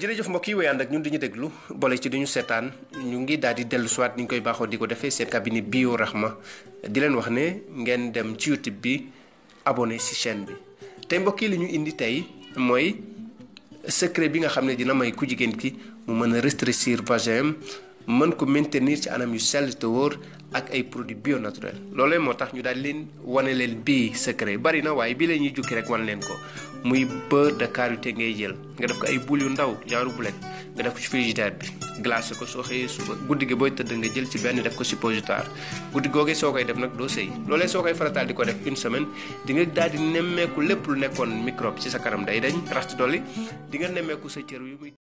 jërëjëf mbokk yi ànd ak ñun dañu déglu boole ci dañu seetaan ñu ngi daal di dellu soit ni ñu koy baaxoo di ko defee seen cabinet bio ma di leen wax ne ngeen dem ci youtube bi abonné si chaîne bi tey mbokk yi li ñu indi tey mooy secret bi nga xam ne dina may ku jigéen ki mu mën a rétrécir vagin mën ko maintenir ci anam yu sell te wóor ak ay produits bio loolee moo tax ñu daal leen wane leen bii secret bari na waaye bii la ñuy jukki rek wan leen ko muy beurre de karité ngay jël nga def ko ay boules yu ndaw ñaaru bulet nga def ko ci frigidaire bi glacé ko soo xëyee suba guddi gi booy tëdd nga jël ci benn def ko suppositoire guddi googee soo koy def nag doo sëy loolee soo koy farataal di ko def une semaine di nga daal di nemmeeku lépp lu nekkoon microbe ci sa kanam day dañ